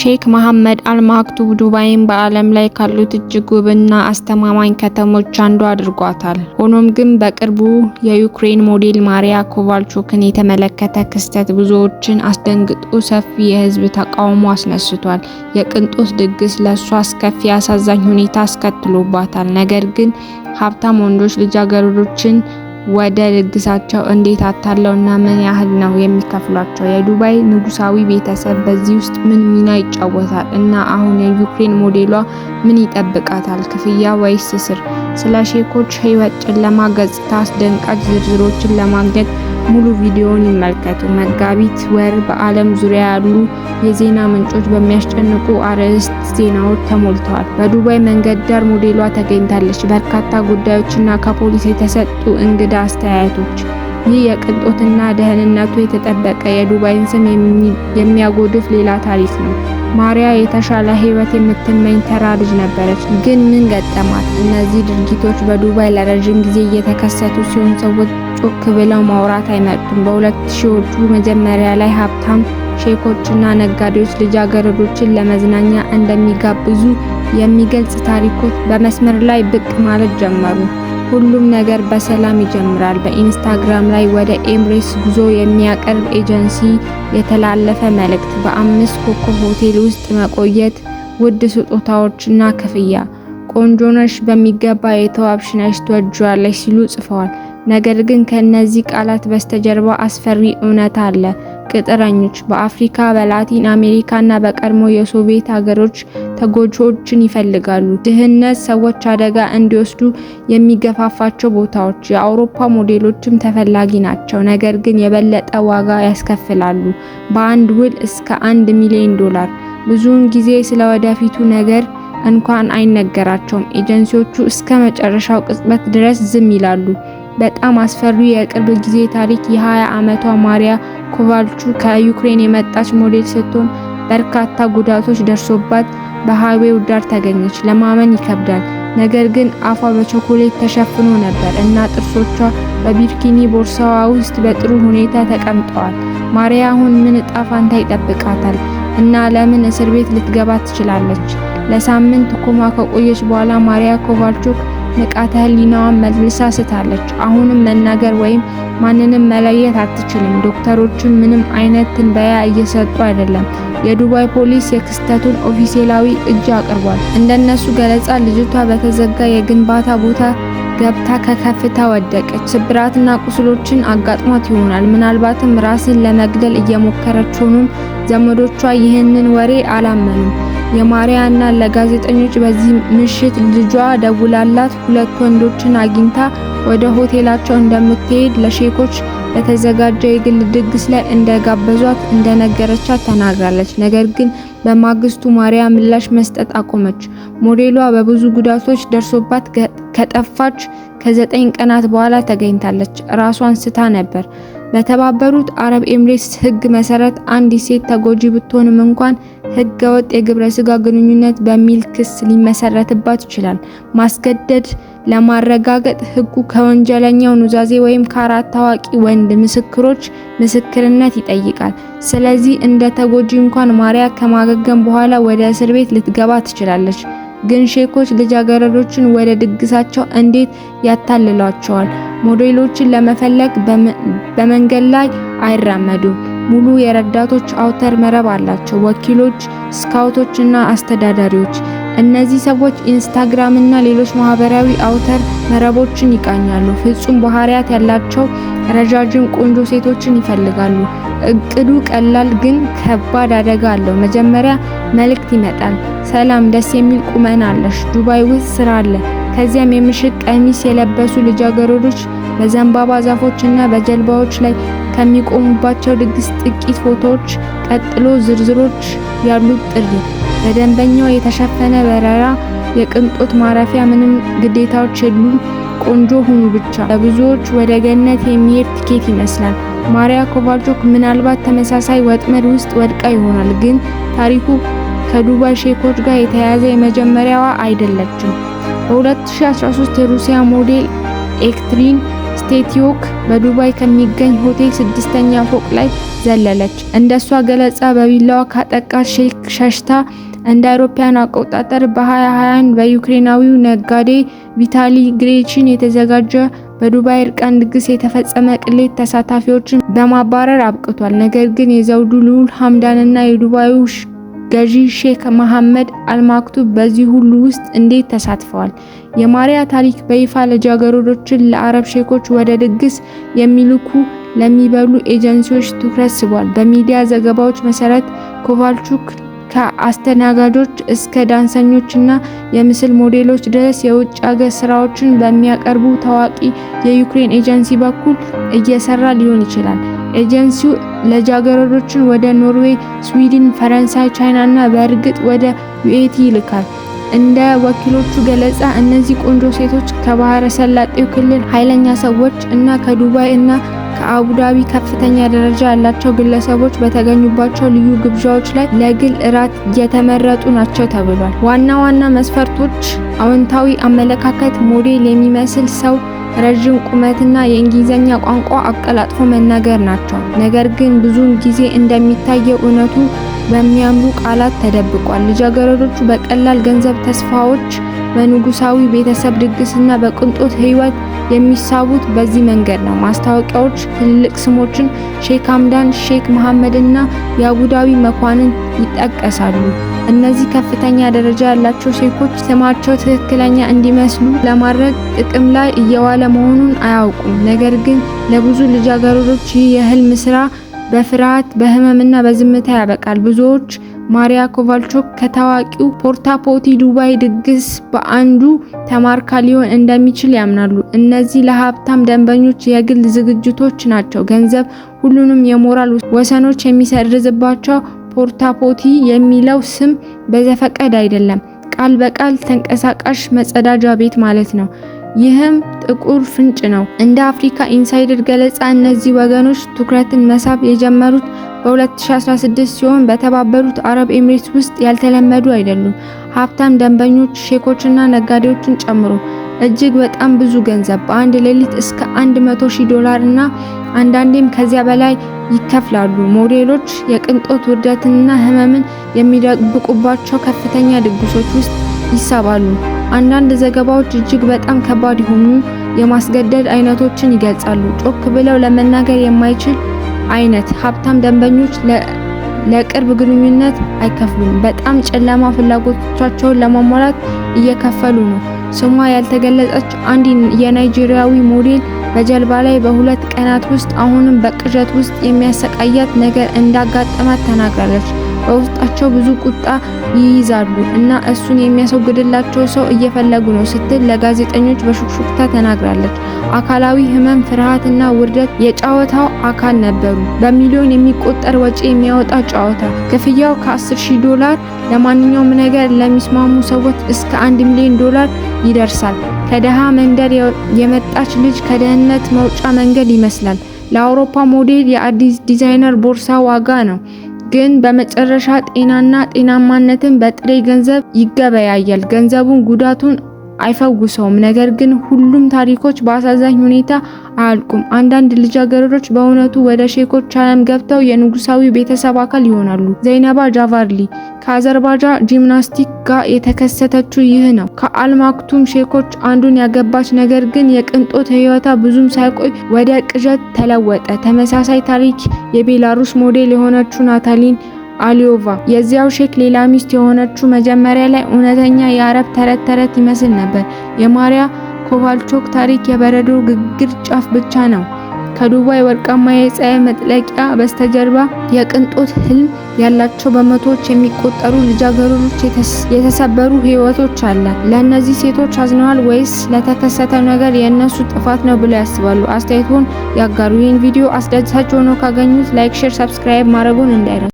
ሼክ መሐመድ አልማክቱብ ዱባይን በዓለም ላይ ካሉት እጅግ ውብና አስተማማኝ ከተሞች አንዱ አድርጓታል። ሆኖም ግን በቅርቡ የዩክሬን ሞዴል ማሪያ ኮቫልቾክን የተመለከተ ክስተት ብዙዎችን አስደንግጦ ሰፊ የህዝብ ተቃውሞ አስነስቷል። የቅንጦት ድግስ ለእሷ አስከፊ አሳዛኝ ሁኔታ አስከትሎባታል። ነገር ግን ሀብታም ወንዶች ልጃገረዶችን ወደ ልግሳቸው እንዴት አታለው እና ምን ያህል ነው የሚከፍሏቸው? የዱባይ ንጉሳዊ ቤተሰብ በዚህ ውስጥ ምን ሚና ይጫወታል? እና አሁን የዩክሬን ሞዴሏ ምን ይጠብቃታል? ክፍያ ወይስ እስር? ስለ ሼኮች ህይወት ጨለማ ገጽታ አስደንቃጭ ዝርዝሮችን ለማግኘት ሙሉ ቪዲዮውን ይመልከቱ። መጋቢት ወር በዓለም ዙሪያ ያሉ የዜና ምንጮች በሚያስጨንቁ አርዕስት ዜናዎች ተሞልተዋል። በዱባይ መንገድ ዳር ሞዴሏ ተገኝታለች። በርካታ ጉዳዮችና ከፖሊስ የተሰጡ እንግዳ አስተያየቶች ይህ የቅንጦትና ደህንነቱ የተጠበቀ የዱባይን ስም የሚያጎድፍ ሌላ ታሪክ ነው። ማሪያ የተሻለ ህይወት የምትመኝ ተራ ልጅ ነበረች። ግን ምን ገጠማት? እነዚህ ድርጊቶች በዱባይ ለረዥም ጊዜ እየተከሰቱ ሲሆን ሰዎች ጮክ ብለው ማውራት አይመጡም። በሁለት ሺዎቹ መጀመሪያ ላይ ሀብታም ሼኮችና ነጋዴዎች ልጃገረዶችን ለመዝናኛ እንደሚጋብዙ የሚገልጽ ታሪኮች በመስመር ላይ ብቅ ማለት ጀመሩ። ሁሉም ነገር በሰላም ይጀምራል። በኢንስታግራም ላይ ወደ ኤምሬትስ ጉዞ የሚያቀርብ ኤጀንሲ የተላለፈ መልእክት፣ በአምስት ኮከብ ሆቴል ውስጥ መቆየት፣ ውድ ስጦታዎችና ክፍያ፣ ቆንጆነሽ፣ በሚገባ የተዋብሽ ነሽ፣ ትወጂዋለሽ ሲሉ ጽፈዋል። ነገር ግን ከእነዚህ ቃላት በስተጀርባ አስፈሪ እውነት አለ። ቅጥረኞች በአፍሪካ በላቲን አሜሪካና በቀድሞ የሶቪየት ሀገሮች ተጎጂዎችን ይፈልጋሉ። ድህነት ሰዎች አደጋ እንዲወስዱ የሚገፋፋቸው ቦታዎች የአውሮፓ ሞዴሎችም ተፈላጊ ናቸው፣ ነገር ግን የበለጠ ዋጋ ያስከፍላሉ። በአንድ ውል እስከ አንድ ሚሊዮን ዶላር። ብዙውን ጊዜ ስለ ወደፊቱ ነገር እንኳን አይነገራቸውም። ኤጀንሲዎቹ እስከ መጨረሻው ቅጽበት ድረስ ዝም ይላሉ። በጣም አስፈሪ የቅርብ ጊዜ ታሪክ የ20 ዓመቷ ማሪያ ኮቫልቹ ከዩክሬን የመጣች ሞዴል ስትሆን በርካታ ጉዳቶች ደርሶባት በሃይዌው ዳር ተገኘች። ለማመን ይከብዳል፣ ነገር ግን አፏ በቾኮሌት ተሸፍኖ ነበር እና ጥርሶቿ በቢርኪኒ ቦርሳዋ ውስጥ በጥሩ ሁኔታ ተቀምጠዋል። ማሪያ አሁን ምን እጣ ፋንታ ይጠብቃታል? እና ለምን እስር ቤት ልትገባ ትችላለች? ለሳምንት ኮማ ከቆየች በኋላ ማሪያ ኮቫልቹክ ንቃተ ህሊናዋን መልሳ ስታለች። አሁንም መናገር ወይም ማንንም መለየት አትችልም። ዶክተሮችም ምንም አይነት ትንበያ እየሰጡ አይደለም። የዱባይ ፖሊስ የክስተቱን ኦፊሴላዊ እጅ አቅርቧል። እንደነሱ ገለጻ ልጅቷ በተዘጋ የግንባታ ቦታ ገብታ ከከፍታ ወደቀች። ስብራትና ቁስሎችን አጋጥሟት ይሆናል። ምናልባትም ራስን ለመግደል እየሞከረች ሆኖም ዘመዶቿ ይህንን ወሬ አላመኑም። የማርያና ለጋዜጠኞች በዚህ ምሽት ልጇ ደውላላት ሁለት ወንዶችን አግኝታ ወደ ሆቴላቸው እንደምትሄድ ለሼኮች በተዘጋጀ የግል ድግስ ላይ እንደጋበዟት እንደነገረቻት ተናግራለች። ነገር ግን በማግስቱ ማሪያ ምላሽ መስጠት አቆመች። ሞዴሏ በብዙ ጉዳቶች ደርሶባት ከጠፋች ከዘጠኝ ቀናት በኋላ ተገኝታለች። ራሷን ስታ ነበር። በተባበሩት አረብ ኤምሬትስ ህግ መሰረት አንዲት ሴት ተጎጂ ብትሆንም እንኳን ህገ ወጥ የግብረ ስጋ ግንኙነት በሚል ክስ ሊመሰረትባት ይችላል። ማስገደድ ለማረጋገጥ ህጉ ከወንጀለኛው ኑዛዜ ወይም ከአራት ታዋቂ ወንድ ምስክሮች ምስክርነት ይጠይቃል። ስለዚህ እንደ ተጎጂ እንኳን ማርያ ከማገገም በኋላ ወደ እስር ቤት ልትገባ ትችላለች። ግን ሼኮች ልጃገረዶችን ወደ ድግሳቸው እንዴት ያታልሏቸዋል? ሞዴሎችን ለመፈለግ በመንገድ ላይ አይራመዱም። ሙሉ የረዳቶች አውተር መረብ አላቸው፣ ወኪሎች፣ ስካውቶች እና አስተዳዳሪዎች። እነዚህ ሰዎች ኢንስታግራም እና ሌሎች ማህበራዊ አውተር መረቦችን ይቃኛሉ። ፍጹም ባህሪያት ያላቸው ረዣዥም ቆንጆ ሴቶችን ይፈልጋሉ። እቅዱ ቀላል ግን ከባድ አደጋ አለው። መጀመሪያ መልእክት ይመጣል። ሰላም፣ ደስ የሚል ቁመና አለሽ። ዱባይ ውስጥ ስራ አለ። ከዚያም የምሽት ቀሚስ የለበሱ ልጃገረዶች በዘንባባ ዛፎች እና በጀልባዎች ላይ ከሚቆሙባቸው ድግስ ጥቂት ፎቶዎች፣ ቀጥሎ ዝርዝሮች ያሉት ጥሪ፣ በደንበኛው የተሸፈነ በረራ፣ የቅንጦት ማረፊያ፣ ምንም ግዴታዎች የሉ ቆንጆ ሁኑ ብቻ። ለብዙዎች ወደ ገነት የሚሄድ ትኬት ይመስላል። ማሪያ ኮቫልቾክ ምናልባት ተመሳሳይ ወጥመድ ውስጥ ወድቃ ይሆናል፣ ግን ታሪኩ ከዱባይ ሼኮች ጋር የተያያዘ የመጀመሪያዋ አይደለችም። በ2013 የሩሲያ ሞዴል ኤክትሪን ስቴቲዮክ በዱባይ ከሚገኝ ሆቴል ስድስተኛ ፎቅ ላይ ዘለለች። እንደሷ ገለጻ በቢላዋ ካጠቃ ሼክ ሸሽታ እንደ አውሮፓውያን አቆጣጠር በ2021 በዩክሬናዊው ነጋዴ ቪታሊ ግሬችን የተዘጋጀ በዱባይ እርቃን ድግስ የተፈጸመ ቅሌት ተሳታፊዎችን በማባረር አብቅቷል። ነገር ግን የዘውዱ ልዑል ሀምዳንና የዱባዩ ገዢ ሼክ መሐመድ አልማክቱብ በዚህ ሁሉ ውስጥ እንዴት ተሳትፈዋል? የማሪያ ታሪክ በይፋ ልጃገረዶችን ለአረብ ሼኮች ወደ ድግስ የሚልኩ ለሚበሉ ኤጀንሲዎች ትኩረት ስቧል። በሚዲያ ዘገባዎች መሰረት ኮቫልቹክ ከአስተናጋጆች እስከ ዳንሰኞችና የምስል ሞዴሎች ድረስ የውጭ ሀገር ስራዎችን በሚያቀርቡ ታዋቂ የዩክሬን ኤጀንሲ በኩል እየሰራ ሊሆን ይችላል። ኤጀንሲው ልጃገረዶችን ወደ ኖርዌይ፣ ስዊድን፣ ፈረንሳይ፣ ቻይና እና በእርግጥ ወደ ዩኤቲ ይልካል። እንደ ወኪሎቹ ገለጻ እነዚህ ቆንጆ ሴቶች ከባህረ ሰላጤው ክልል ኃይለኛ ሰዎች እና ከዱባይ እና ከአቡዳቢ ከፍተኛ ደረጃ ያላቸው ግለሰቦች በተገኙባቸው ልዩ ግብዣዎች ላይ ለግል እራት የተመረጡ ናቸው ተብሏል። ዋና ዋና መስፈርቶች አዎንታዊ አመለካከት፣ ሞዴል የሚመስል ሰው ረዥም ቁመትና የእንግሊዝኛ ቋንቋ አቀላጥፎ መናገር ናቸው። ነገር ግን ብዙውን ጊዜ እንደሚታየው እውነቱ በሚያምሩ ቃላት ተደብቋል። ልጃገረዶቹ በቀላል ገንዘብ ተስፋዎች፣ በንጉሳዊ ቤተሰብ ድግስና በቅንጦት ሕይወት የሚሳቡት በዚህ መንገድ ነው። ማስታወቂያዎች ትልልቅ ስሞችን ሼክ ሐምዳን፣ ሼክ መሐመድና የአቡዳዊ መኳንን ይጠቀሳሉ። እነዚህ ከፍተኛ ደረጃ ያላቸው ሼኮች ስማቸው ትክክለኛ እንዲመስሉ ለማድረግ ጥቅም ላይ እየዋለ መሆኑን አያውቁም። ነገር ግን ለብዙ ልጃገረዶች ይህ የህልም ስራ በፍርሃት በህመምና በዝምታ ያበቃል። ብዙዎች ማሪያ ኮቫልቾክ ከታዋቂው ፖርታፖቲ ዱባይ ድግስ በአንዱ ተማርካ ሊሆን እንደሚችል ያምናሉ። እነዚህ ለሀብታም ደንበኞች የግል ዝግጅቶች ናቸው። ገንዘብ ሁሉንም የሞራል ወሰኖች የሚሰርዝባቸው ፖርታፖቲ የሚለው ስም በዘፈቀድ አይደለም፣ ቃል በቃል ተንቀሳቃሽ መጸዳጃ ቤት ማለት ነው። ይህም ጥቁር ፍንጭ ነው። እንደ አፍሪካ ኢንሳይደር ገለጻ እነዚህ ወገኖች ትኩረትን መሳብ የጀመሩት በ2016 ሲሆን በተባበሩት አረብ ኤምሬትስ ውስጥ ያልተለመዱ አይደሉም። ሀብታም ደንበኞች፣ ሼኮችና ነጋዴዎችን ጨምሮ እጅግ በጣም ብዙ ገንዘብ በአንድ ሌሊት እስከ 100 ሺህ ዶላር እና አንዳንዴም ከዚያ በላይ ይከፍላሉ። ሞዴሎች የቅንጦት ውርደትና ህመምን የሚደብቁባቸው ከፍተኛ ድግሶች ውስጥ ይሳባሉ። አንዳንድ ዘገባዎች እጅግ በጣም ከባድ የሆኑ የማስገደድ አይነቶችን ይገልጻሉ። ጮክ ብለው ለመናገር የማይችል አይነት ሀብታም ደንበኞች ለቅርብ ግንኙነት አይከፍሉም። በጣም ጨለማ ፍላጎቶቻቸውን ለማሟላት እየከፈሉ ነው። ስሟ ያልተገለጸች አንድ የናይጄሪያዊ ሞዴል በጀልባ ላይ በሁለት ቀናት ውስጥ አሁንም በቅዠት ውስጥ የሚያሰቃያት ነገር እንዳጋጠማት ተናግራለች። በውስጣቸው ብዙ ቁጣ ይይዛሉ እና እሱን የሚያስወግድላቸው ሰው እየፈለጉ ነው ስትል ለጋዜጠኞች በሹክሹክታ ተናግራለች። አካላዊ ህመም፣ ፍርሃት እና ውርደት የጨዋታው አካል ነበሩ። በሚሊዮን የሚቆጠር ወጪ የሚያወጣ ጨዋታ። ክፍያው ከ10000 ዶላር ለማንኛውም ነገር ለሚስማሙ ሰዎች እስከ 1 ሚሊዮን ዶላር ይደርሳል። ከደሃ መንደር የመጣች ልጅ ከደህንነት መውጫ መንገድ ይመስላል። ለአውሮፓ ሞዴል የአዲስ ዲዛይነር ቦርሳ ዋጋ ነው፣ ግን በመጨረሻ ጤናና ጤናማነትን በጥሬ ገንዘብ ይገበያያል። ገንዘቡን ጉዳቱን አይፈውሰውም። ነገር ግን ሁሉም ታሪኮች በአሳዛኝ ሁኔታ አያልቁም። አንዳንድ ልጃገረዶች በእውነቱ ወደ ሼኮች ዓለም ገብተው የንጉሳዊ ቤተሰብ አካል ይሆናሉ። ዘይነባ ጃቫርሊ ከአዘርባጃን ጂምናስቲክ ጋር የተከሰተችው ይህ ነው። ከአልማክቱም ሼኮች አንዱን ያገባች፣ ነገር ግን የቅንጦት ህይወታ ብዙም ሳይቆይ ወደ ቅዠት ተለወጠ። ተመሳሳይ ታሪክ የቤላሩስ ሞዴል የሆነችው ናታሊን አሊዮቫ የዚያው ሼክ ሌላ ሚስት የሆነችው መጀመሪያ ላይ እውነተኛ የአረብ ተረት ተረት ይመስል ነበር። የማሪያ ኮቫልቾክ ታሪክ የበረዶ ግግር ጫፍ ብቻ ነው። ከዱባይ ወርቃማ የፀሐይ መጥለቂያ በስተጀርባ የቅንጦት ህልም ያላቸው በመቶዎች የሚቆጠሩ ልጃገረዶች የተሰበሩ ህይወቶች አለ። ለእነዚህ ሴቶች አዝነዋል ወይስ ለተከሰተው ነገር የእነሱ ጥፋት ነው ብለው ያስባሉ? አስተያየትዎን ያጋሩ። ይህን ቪዲዮ አስደሳች ሆኖ ካገኙት ላይክ፣ ሼር፣ ሰብስክራይብ ማድረጉን እንዳይረሱ።